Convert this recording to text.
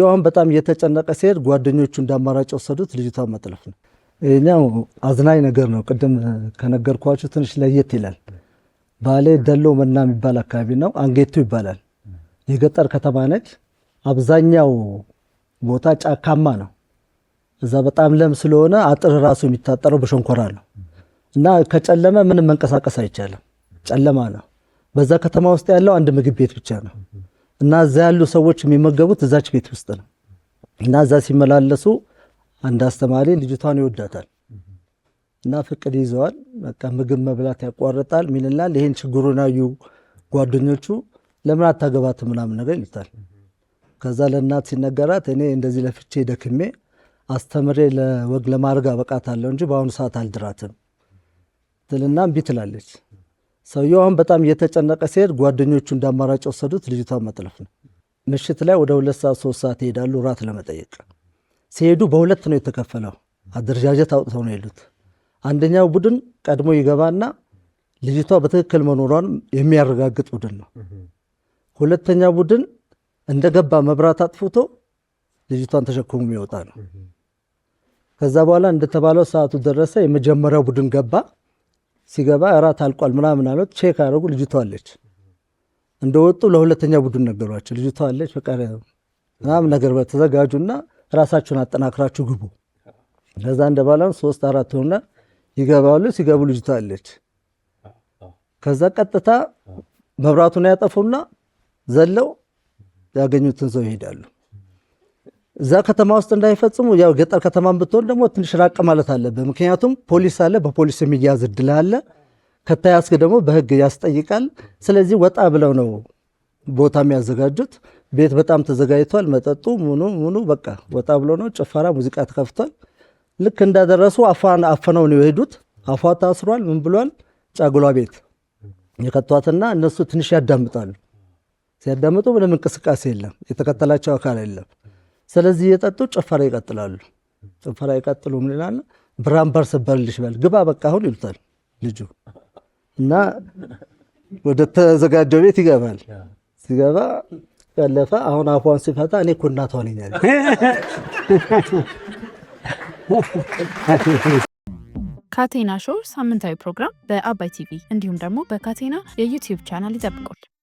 ይሁን በጣም እየተጨነቀ ሲሄድ ጓደኞቹ እንዳማራጭ የወሰዱት ልጅቷን መጥለፍ ነው። ይህኛው አዝናኝ ነገር ነው። ቅድም ከነገርኳችሁ ትንሽ ለየት ይላል። ባሌ ደሎ መና የሚባል አካባቢ ነው። አንጌቱ ይባላል። የገጠር ከተማ ነች። አብዛኛው ቦታ ጫካማ ነው። እዛ በጣም ለም ስለሆነ አጥር ራሱ የሚታጠረው በሸንኮራ ነው እና ከጨለመ ምንም መንቀሳቀስ አይቻልም። ጨለማ ነው። በዛ ከተማ ውስጥ ያለው አንድ ምግብ ቤት ብቻ ነው። እና እዛ ያሉ ሰዎች የሚመገቡት እዛች ቤት ውስጥ ነው። እና እዛ ሲመላለሱ አንድ አስተማሪ ልጅቷን ይወዳታል እና ፍቅድ ይዘዋል። በቃ ምግብ መብላት ያቋርጣል። ሚልናል ይህን ችግሩን ያዩ ጓደኞቹ ለምን አታገባት ምናምን ነገር ይሉታል። ከዛ ለእናት ሲነገራት እኔ እንደዚህ ለፍቼ ደክሜ አስተምሬ ለወግ ለማድረግ አበቃታለሁ እንጂ በአሁኑ ሰዓት አልድራትም ትልና እምቢ ትላለች። ሰውየዋን በጣም እየተጨነቀ ሲሄድ ጓደኞቹ እንዳማራጭ ወሰዱት፣ ልጅቷን መጥለፍ ነው። ምሽት ላይ ወደ ሁለት ሰዓት ሶስት ሰዓት ይሄዳሉ ራት ለመጠየቅ። ሲሄዱ በሁለት ነው የተከፈለው፣ አደረጃጀት አውጥተው ነው የሄዱት። አንደኛው ቡድን ቀድሞ ይገባና ልጅቷ በትክክል መኖሯን የሚያረጋግጥ ቡድን ነው። ሁለተኛ ቡድን እንደገባ መብራት አጥፍቶ ልጅቷን ተሸክሞ የሚወጣ ነው። ከዛ በኋላ እንደተባለው ሰዓቱ ደረሰ። የመጀመሪያው ቡድን ገባ። ሲገባ እራት አልቋል ምናምን አሉት። ቼክ አደረጉ። ልጅቷ አለች። እንደወጡ ለሁለተኛ ቡድን ነገሯቸው። ልጅቷ አለች ምናምን ነገር ተዘጋጁና ራሳችሁን አጠናክራችሁ ግቡ። ከዛ እንደባላን ሶስት አራት ሆነ ይገባሉ። ሲገቡ ልጅቷ አለች። ከዛ ቀጥታ መብራቱን ያጠፉና ዘለው ያገኙትን ሰው ይሄዳሉ። እዛ ከተማ ውስጥ እንዳይፈጽሙ ያው ገጠር ከተማን ብትሆን ደግሞ ትንሽ ራቅ ማለት አለብህ። ምክንያቱም ፖሊስ አለ፣ በፖሊስ የሚያዝ እድል አለ። ከታያስክ ደግሞ በህግ ያስጠይቃል። ስለዚህ ወጣ ብለው ነው ቦታ የሚያዘጋጁት። ቤት በጣም ተዘጋጅቷል። መጠጡ ሙኑ ሙኑ በቃ ወጣ ብሎ ነው። ጭፈራ ሙዚቃ ተከፍቷል። ልክ እንዳደረሱ አፈነው ነው የሄዱት። አፏ ታስሯል። ምን ብሏል? ጫጉሏ ቤት የከቷትና እነሱ ትንሽ ያዳምጣሉ። ሲያዳምጡ ምንም እንቅስቃሴ የለም፣ የተከተላቸው አካል የለም። ስለዚህ የጠጡ ጭፈራ ይቀጥላሉ። ጭፈራ ይቀጥሉ ምን ይላል? ብራምበርስ በልሽ በል ግባ በቃ አሁን ይሉታል ልጁ እና ወደ ተዘጋጀው ቤት ይገባል። ሲገባ ቀለፈ አሁን አፏን ሲፈታ እኔ እኮ እናቷ ነኝ ካቴና ሾው ሳምንታዊ ፕሮግራም በአባይ ቲቪ እንዲሁም ደግሞ በካቴና የዩቲዩብ ቻናል ይጠብቁ።